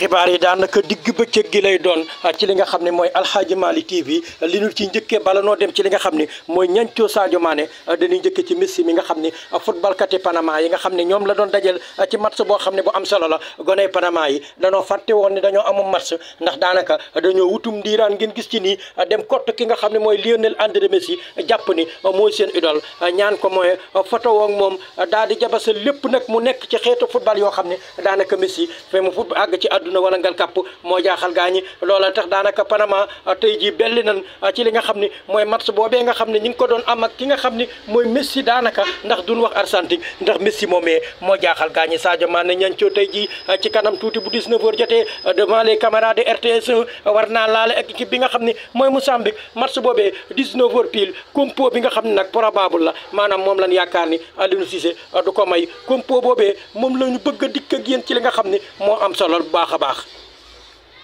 xibaar yi daanaka digg bëccëg gi lay doon ci li nga xam ne mooy Aladji Malick TV li ñu ci njëkkee bala noo dem ci li nga xam ni mooy ñancoo Sadio Mané dañuy njëkkee ci Messi mi nga xam a ne footballkati Panama yi nga xam ne ñoom la doon dajal ci match boo xam ne bu am solo la goney Panama yi dañoo fàtte woon ne dañoo amoon match ndax daanaka dañoo wutum ndiiraan ngeen gis ci nii dem kott ki nga xam ne mooy Lionel André Messi jàpp ni mooy seen idole ñaan ko mooy photo woog moom daal di jabasa lépp nag mu nekk ci xeetu football yoo xam ne daanaka Messi fa na wala ngal kàpp moo jaaxal gaa ñi loola tax daanaka Panama ah, tey jii belli nan ah, ci li nga xam ni mooy match boobee nga xam ne ñi ngi ko doon am ki nga xam ni mooy Messi daanaka ndax duñ wax Argentine ndax Messi moomee moo jaaxal gaa ñi Sadio Mané ñancoo tey ji jii ah, ci kanam tuuti bu 19 heures jotee devant les caméras de RTS war naa laal ak équipe bi nga xam ni mooy Mozambique match boobee 19 heures pile compo bi nga xam ni nag probable la maanaam moom lañ yaakaar ni Aliou Cissé du ko may compo boobee moom la ñu bëgg dikk yéen ci li nga xam ne moo am solo bu baax baax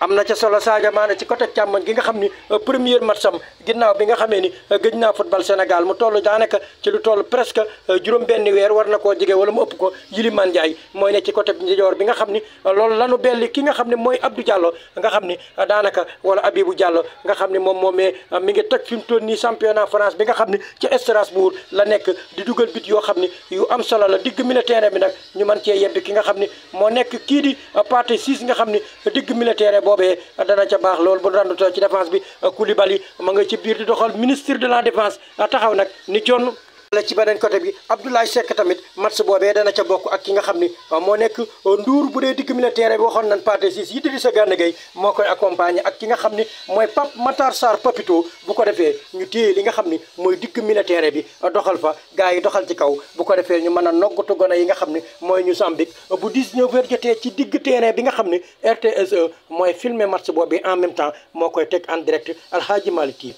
am na ca solo Sadio Mané ci côté càmmoñ gi nga xam ni euh, premier match am ginnaaw bi nga xamee ni euh, gëj naa football Sénégal mu toll daanaka ci lu toll presque euh, juróom-benni weer war na koo jege wala mu ëpp ko Iliman Ndiaye mooy ne ci côté ndijoor bi nga xam ni loolu lanu belli ki nga xam ne mooy Abdou Diallo nga xam ni daanaka wala Abibou Diallo nga xam ni moom moomee mi ngi toj fi mu toll nii championnat France bi nga xam ni ci Strasbourg la nekk di dugal bit yoo xam ni yu am solo la digg militaire bi nag ñu mën cee yebbi ki nga xam ni moo nekk kii di Pathé Ciss nga xam ni digg militaire boobee dana ca baax loolu bu randutoo ci défense bi Koulibaly ma nga ci biir di doxal ministre de la défense taxaw nag ni jonn la ci beneen côté bi Abdoulaye Seck tamit match boobee dana ca bokk ak ki nga xam ni moo nekk nduur bu dee digg militaire bi waxoon nañ Pathé Ciss Idrissa Gana Gueye moo koy accompagner ak ki nga xam ni mooy Pape Matar Sarr Papito bu ko defee ñu téye li nga xam ni mooy digg militaire bi doxal fa gaa yi doxal ci kaw bu ko defee ñu mën a noggatu gone yi nga xam ni mooy ñu Zambik bu 19 heures jotee ci digg terrain bi nga xam ni RTSE mooy filme match boobu en même temps moo koy teg en direct Alhaji Malick